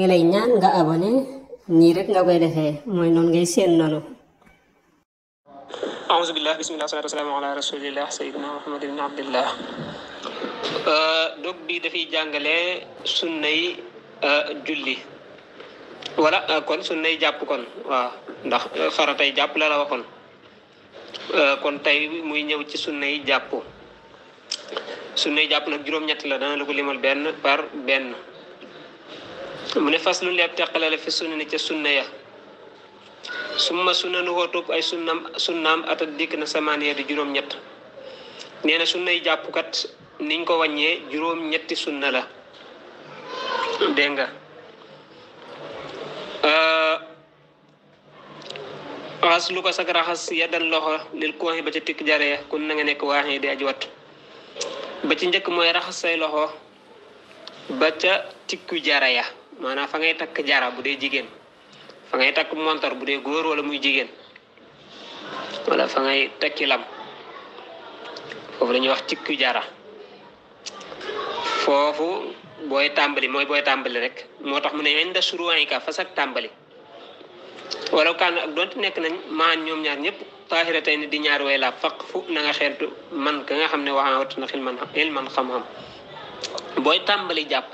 ngi lay ñaan nga abonné nii rek nga koy defee eh? mooy noonu ngay seen noonu auzu billah bismillah salaatu wasalaamu ala rasulillah sayidina muhammad ibn abdillah eh, dog bi dafay jàngale sunnay eh, julli wala kon sunnay jàpp kon waaw ndax faratay jàpp la la waxoon kon tey muy ñëw ci sunnay jàpp sunnay jàpp nag juróom-ñett la dana la ko limal benn par benn mune ne faslun li ab teqalale fi sunna ci sunna ya summa sunna nu hootoop ay sunnam sunnaam ata dik na samaaniya di juróom ñett nee na japp kat niñ ko wagne jurom ñetti sunna la denga euh as lu ko has ya dan loxo lil hi ba ci tik jare ya, kun na nga nek waaxee di aji wat ba ci njëkk moy raxas loxo ba ca tikku ya maanaam fa ngay takk jara bu dee jigéen fa ngay takk montor bu dee góor wala muy jigéen wala fa ngay takki lam foofu wax jara foofu booy tàmbali mooy booy tàmbali rek moo tax mu ne suru suruwaay ka fas ak tàmbali wala kan ak donte nekk nañ maan ñoom ñaar ñëpp taahira tey ni di ñaar way la faq na nga xeetu man ka nga xam ne jap. na xil man xam-xam boy tàmbali jàpp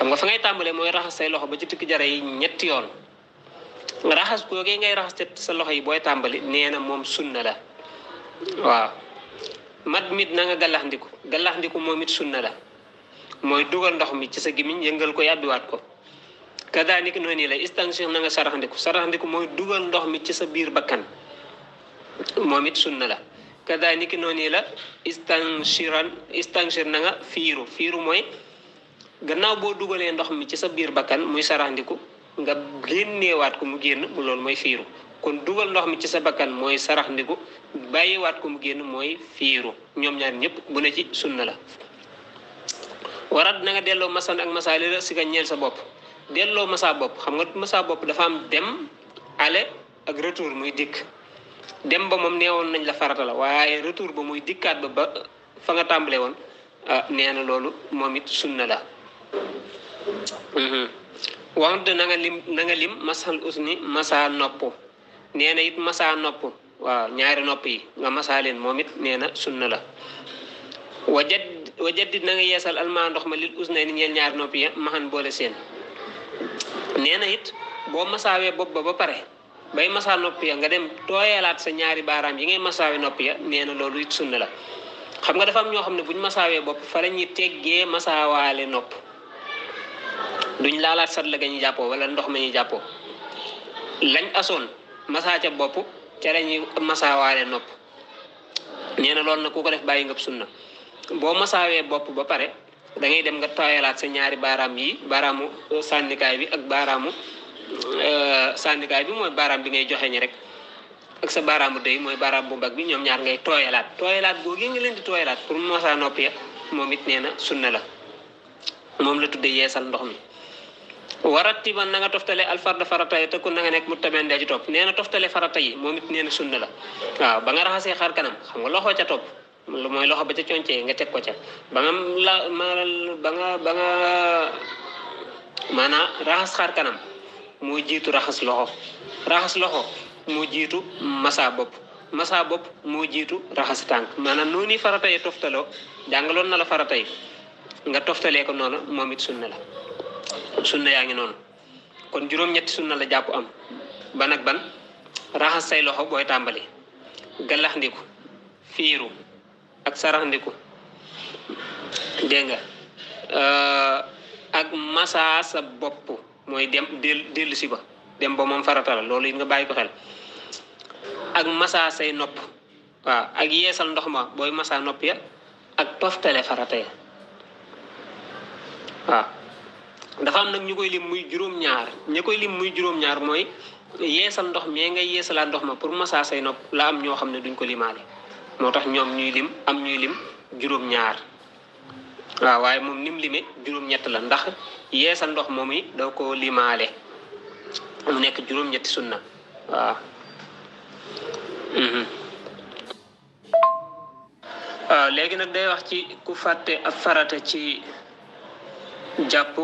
xam nga fa ngay tàmbalee mooy raxas say loxo ba ci tukki rahas ñetti yoon raxas googee ngay raxas te sa loxo yi booy tàmbali nee na moom sunna la waaw mat mit na nga galaxndiku galaxndiku moom it sunna la mooy dugal ndox mi ci sa gimiñ yëngal ko yàbbiwaat ko kadaanik noonu la istansiix na nga saraxndiku saraxndiku mooy dugal ndox mi ci sa biir bakkan moom it sunna la kadaanik noonu la istansiran istansir na nga fiiru fiiru mooy gannaaw boo dugalee ndox mi ci sa biir bakkan muy sarandiku nga génneewaat ko mu génn mu loolu mooy fiiru kon dugal ndox mi ci sa bakkan mooy saraxndiku bàyyiwaat ko mu génn mooy fiiru ñoom ñaar ñëpp bu ne ci sunna la warat na nga delloo masan ak masaa la si nga ñeel sa bopp delloo masaa bopp xam nga masaa bopp dafa am dem ale ak retour muy dikk dem ba moom neewoon nañ la farata la waaye retour ba muy dikkaat ba ba fa nga tàmbalee woon ah, nee na loolu sunna la Mhm. wax dëgg na nga lim na nga lim masal usni masa nopp nee na it masaa nopp waaw ñaari nopp yi nga masa leen moom it nee na sunna la wajad wajadit na nga yeesal almaa ndox ma lil usna ni ñeel ñaari nopp yi maxan boole seen nee na it boo masaawee bopp ba ba pare bay masaa nopp ya nga dem tooyalaat sa ñaari baaraam yi ngay masaawe nopp ya nee na loolu it sunna la xam nga dafa am ñoo xam ne buñ masaawee bopp fa la ñuy teggee masaawaale nopp ñu laalaat satla ga ñu jàppoo wala ndox ma ñu jàppoo lañ asoon masaa ca bopp ca la ñuy masaawaale nopp nee na loolu nag ku ko def bàyyi nga sunna boo masaawee bopp ba pare da dem nga tooyalaat sa ñaari baaraam yi baaraamu euh, sànnikaay bi ak baaraamu euh, sànnikaay bi mooy baaraam bi ngay joxe ñi rek sa baaraamu dëy mooy baaraam bu mbag bi ñoom ñaar ngay tooyalaat tooyalaat googu nga leen di tooyalaat pour masaa nopp ya moom it nee na sunna la moom la tudde yeesal ndox mi waratti ban na nga toftale alfarda farata yi te kun na nga nekk muttaben dee ci topp nee na toftale farata yi moom it nee na la waaw ba nga raxasee xar kanam xam nga loxo ca topp mooy loxo ba ca concee nga teg ko ca ba nga la ba nga ba nga xar kanam moo jiitu raxas loxo raxas loxo moo jiitu masa bopp masa bopp moo jiitu raxas tànk maanaam noonu farata yi toftaloo jàngaloon na la farata yi nga toftalee ko noonu moom it sunna la sunna yaangi ngi noonu kon juróom-ñetti sunna la jàpp am ban ak ban raxas say loxo booy tàmbali galax ndiku fiiru ak sarax ndiku dégg nga ak massa sa bopp mooy dem dellu si ba dem ba moom farata la loolu it nga bàyyi ko xel ak massa say nopp waaw ak yeesal ndox ma booy massa nopp ya ak toftale farata ya waaw ndax am nag ñu koy lim muy juróom-ñaar ñi koy lim muy juróom-ñaar mooy yeesal ndox mi ngay yeesalaat ndox ma pour massa say nopp la am ñoo xam ne duñ ko limaale moo tax ñoom ñuy lim am ñuy lim juróom-ñaar waaw waaye moom ni mu limee la ndax yeesal ndox moom yi ko limaale nekk juróom-ñetti sunna mhm. waaw. léegi nag day wax ci ku fàtte ab farata ci jàpp.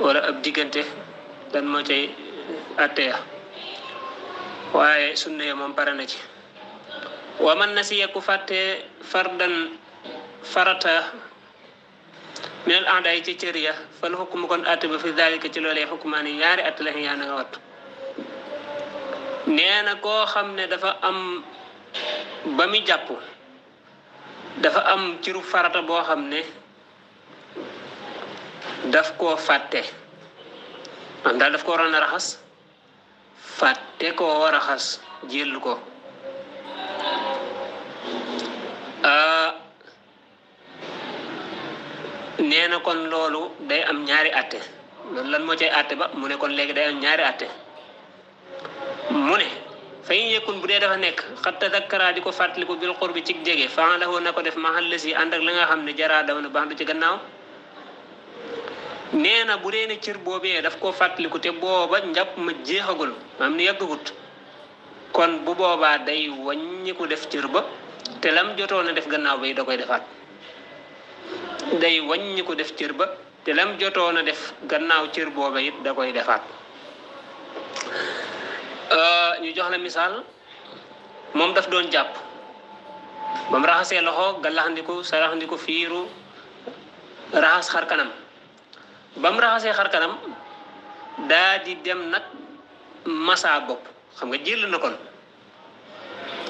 wala ab diggante lan moo cay atteya waaye sunna ya moom pare na ci wa man nasiya ku fàtte fardan farata minal anda yi ci cër ya fal xukmu kon atte ba fi dalika ci loolee xukmaan yi ñaari atte la yaa na nga wattu nee na koo xam ne dafa am ba muy jàpp dafa am ciru farata boo xam ne daf ko fàtte man daal daf ko waroon a raxas fàtte koo raxas jël ko nee na kon loolu day am ñaari àtte loolu lan moo cay àtte ba mu ne kon léegi day am ñaari àtte mu ne fa in yëkkun bu dee dafa nekk xat tadakkaraa di ko fàttaliku bil xur bi cig jege faa la woon na ko def mahal si ànd ak la nga xam ne jaraa daw na baax du ci gannaaw neena bu dee ne cër boobee daf koo fàttaliku te booba njàpp ma jeexagul maam ni yàggagut kon bu boobaa day wàññiku def cër ba te lam jotoon a def gannaaw bay da koy defaat day wàññiku def cër ba te lam jotoon a def gannaaw cër booba it da koy defaat euh, ñu jox la misaal moom daf doon jàpp ba raxasee loxo saraxandiku fiiru raxas xar kanam Bam raxase xar kanam daa di dem nag massa bopp xam nga jël na kon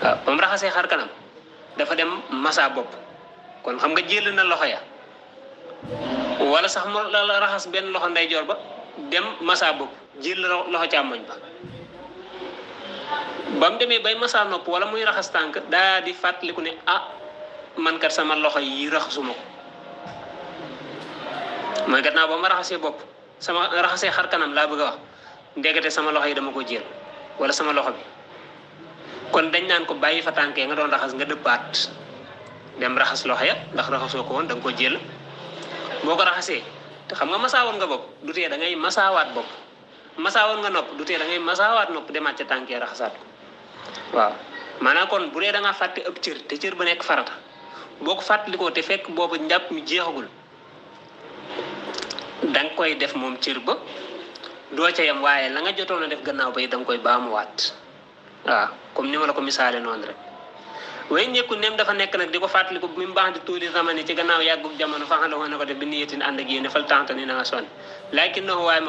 waaw ah, bam raxase xar kanam dafa dem massa bopp kon xam nga jël na loxo ya wala sax mo la raxas benn loxo jor ba dem massa bopp jël loxo càmmoñ ba bam bay massa nopp wala muy raxas tànk daa di fàttaliku ne ah man kat sama loxo yi raxasuma ko mooy gannaaw ba ma raxasee bopp sama raxasee xar laa bëgg wax sama loxo yi dama ko jël wala sama loxo bi kon dañ naan ko bàyyi fa tànkee nga doon raxas nga dëppaat dem raxas loxo ya ndax raxasoo ko woon da nga ko jël boo ko raxasee te xam nga masaawoon nga bopp du tee da ngay masaawaat bopp masaawoon nga nopp du da ngay masaawaat nopp demaat ca tànkee ya raxasaat ko waaw maanaam kon bu dee da nga fàtte ëpp cër te cër ba nekk farata boo ko te fekk boobu njàpp mi jeexagul danga koy def moom cër ba doo ca yem waaye la nga jotoon a def gannaaw ba it da nga koy baamuwaat waaw comme ni ma la ko misaale noonu rek. way ñekku neem dafa nekk nag di ko fàttaliku bu mu baax di tuuli zamani ci gannaaw yàggug jamono fa xala woon na ko def bi niyetin ànd ak yéene fal tànta ni naa sonn laakin war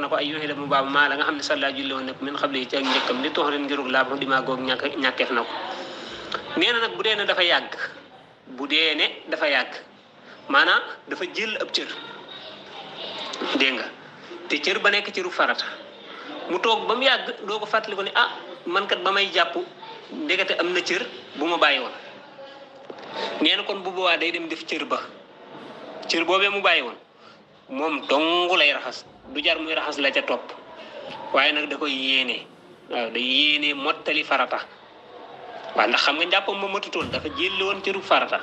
na ko ay yoxi mu baabu maa la nga xam ne sallaa julli woon nekk min xable yi ci ak njëkkam li toxrin ngirug laab dimaa goog ñàkk ñàkkeef na ko nee na nag bu dee ne dafa yàgg bu dee ne dafa yàgg maanaam dafa jël ab cër dégg nga te cër ba nekk cëru farata mu toog ba mu yàgg doo ko fàttali ko ne ah man kat ba may jàpp ndekete am na cër bu ma bàyyi woon nee kon bu boobaa day dem def cër ba cër boobee mu bàyyi woon moom dong lay raxas du jar muy raxas la ca topp waaye nag da koy yéene waaw day yéene mottali farata waaw ndax xam nga njàppam ma matutoon dafa jëlli cëru farata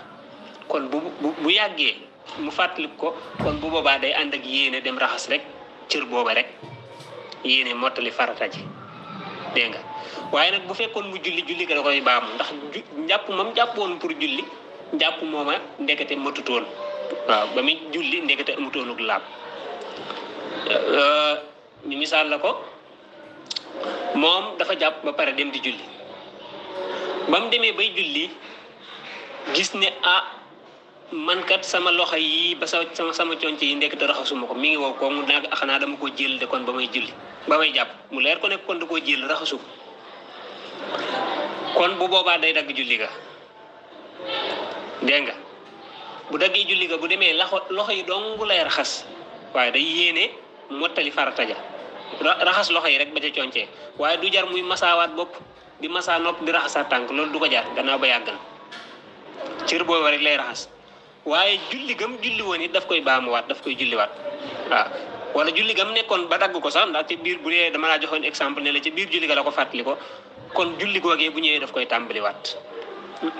kon bu bu bu yàggee mu fàttali ko kon bu boobaa day ànd ak yéene dem raxas rek cër booba rek yéene mottali farata ji dégg nga waaye nag bu fekkoon mu julli julli ga koy baamu ndax njàpp moom jàppoon pour julli njàpp mooma ndekete matutoon waaw ba muy julli ndekete amutoonuk laab ñu misaal la ko moom dafa jàpp ba pare dem di julli bam mu demee bay julli gis ne ah man kat sama loxo yi ba sama sama cionc yi ndek dara xassuma ko mi ngi wo ko mu nag xana dama ko jël de kon ba may julli ba may japp mu leer ko nek kon da ko jël raxassu kon bu boba day dag julli ga denga bu daggi julli ga bu deme loxo yi dong lay raxas waye day yene mottali farata ja raxas loxo yi rek ba ca concee waye du jar muy masaawaat bop di masaa nopp di raxasaat tank lolou du ko jar ganna ba yagal ciir rek lay raxas waaye julli gam julli woon it daf koy baamuwaat daf koy julliwaat waaw wala julli gam nekkoon ba dagg ko sax ndax ci biir bu dee dama laa joxoon exemple ne la ci biir julli ga la ko fàttali ko kon julli googee bu ñëwee daf koy tàmbaliwaat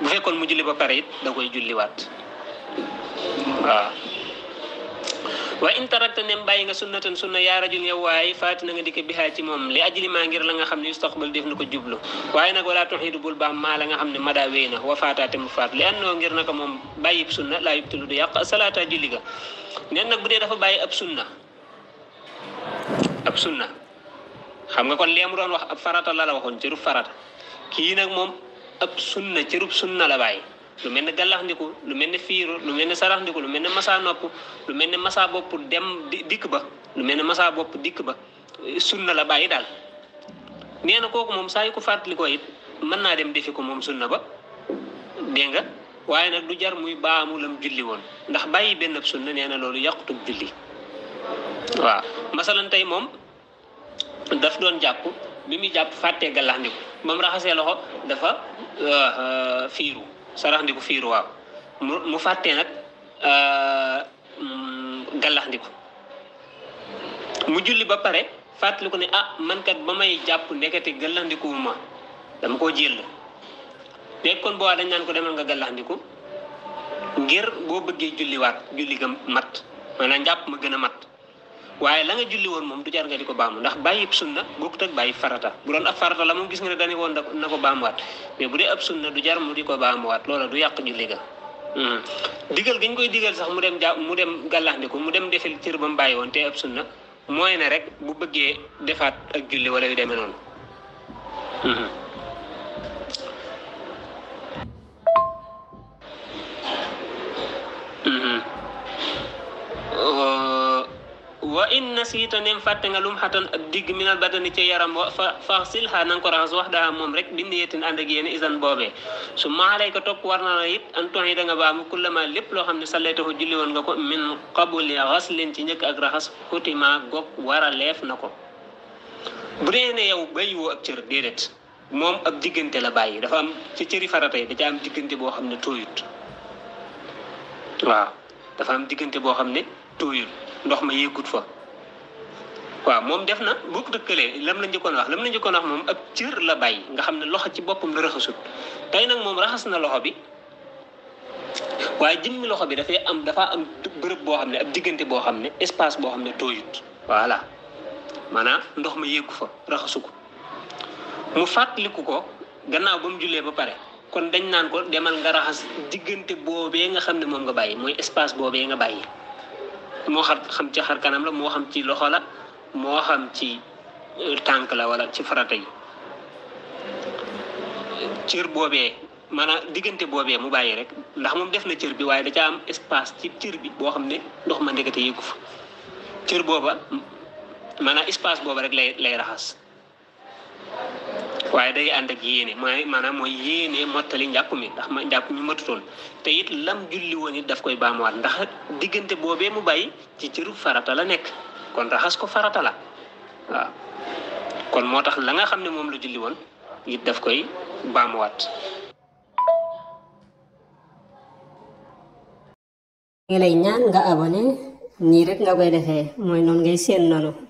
bu fekkoon mu julli ba pare it da koy julliwaat waaw wa interact tarakta nem nga sunnatan sunna ya rajul ya way fatina na nga dikk bihaa ci mom li ajli ma ngir la nga xamni yustaqbal def nako djublu jublu nak wala tuhidu bul ba ma la nga xamni mada weena wa faataate mu fat li bayi ngir naka mom bàyyi sunna la yubtulu du yaq salata julli nen nak budé dafa bàyyi ab sunna ab sunna xam nga kon am doon wax ab farata la la ci ru farata ki nak mom ab sunna ru sunna la lu melni ni ndiku lu melni fiiru lu melni ni sarax ndiku lu melni massa nopp lu melni massa bopp dem dikk ba lu melni ni masa bopp dikk ba sunna la bayyi dal neena koku mom moom ko fatli ko it mën dem defi mom sunna ba dégg nga waaye nag du jar muy baamu lam julli won ndax bayyi ben sunna neena na yaqtu julli wa masalan tay mom daf doon japp bi muy jàpp fàttee ndiku ba loxo dafa euh, euh, fiiru sarax ndiku fiiru waaw mu mu fàttee nag euh, gàllax mu julli ba pare fàttali ko ne ah man kat ba may jàpp ndeketi gàllax ndiku wu dama koo jël léegi kon boo dañ naan ko demal nga gàllax ngir boo bëggee julliwaat julli ga mat maanaam jàpp ma gën a mat waaye la nga julli woon moom du jar nga di ko baamu ndax bàyyi sunna bokkut ak bàyyi farata bu doon a farata la moom gis nga ne dañu woon na ko wat mais bu dee ab sunna du jar mu di ko baamuwaat loola du yàq julli ga hmm. digal gi ñu koy digal sax mu dem ja mu dem gàllandiku mu dem defil cër ba mu bàyyi woon te ab na mooy ne rek bu bëggee defaat ak julli wala yu demee noonu hmm. wa in nasiita nem fàtte nga lum xatan ak digg mi minal badani ci yaram wa fa faxsilha nanga ko raxas wax daa moom rek bi niyetin ànd ak yéen isan boobee su maalayka topp war na la it an ton yi da nga baamu kullama loo xam ne sallaytahu julli woon nga ko min qabli xaslin ci njëkk ak raxas xutima gog wara leef na ko bu dee ne yow bàyyiwoo ak cër déedéet moom ak diggante la bàyyi dafa am ci cëri farata yi da ca am diggante boo xam ne tooyut waaw dafa am diggante boo xam ne tooyut ndox ma yeggut fa waaw moom def na bu ko dëkkalee lam la njëkkoon wax lam la njëkkoon wax moom ab cër la bàyyi nga xam ne loxo ci boppam la raxasut tey nag moom raxas na loxo bi waaye jëmmi loxo bi dafay am dafa am bërëb boo xam ne ab diggante boo xam ne espace boo xam ne tooyut voilà maanaam ndox ma yeggu fa raxasu ko mu fàttaliku ko gannaaw ba mu jullee ba pare kon dañ naan ko demal nga raxas diggante boobee nga xam ne moom nga bàyyi mooy espace boobee nga bàyyi moo xar xam ci xar kanam la moo xam ci loxo la moo xam ci euh, tànk la wala ci farata yi cër boobee a diggante boobee mu bàyyi rek ndax moom def na cër bi waaye da ca am espace ci cër bi boo xam ne ndox ma ndekete yëgu fa cër booba maanaam espace booba rek lay lay raxas waaye day ànd ak yéene mooy maanaam mooy yéene mottali njàpp mi ndax ma njàpp mi matutoon te it lam julli woon it daf koy baamuwaat ndax diggante boobee mu bàyyi ci cëru farata la nekk kon raxas ko farata la kon moo tax la nga xam ne moom la julli woon it daf koy baamuwaat. ngi lay ñaan nga abonné nii rek nga koy defee mooy noonu ngay seen noonu.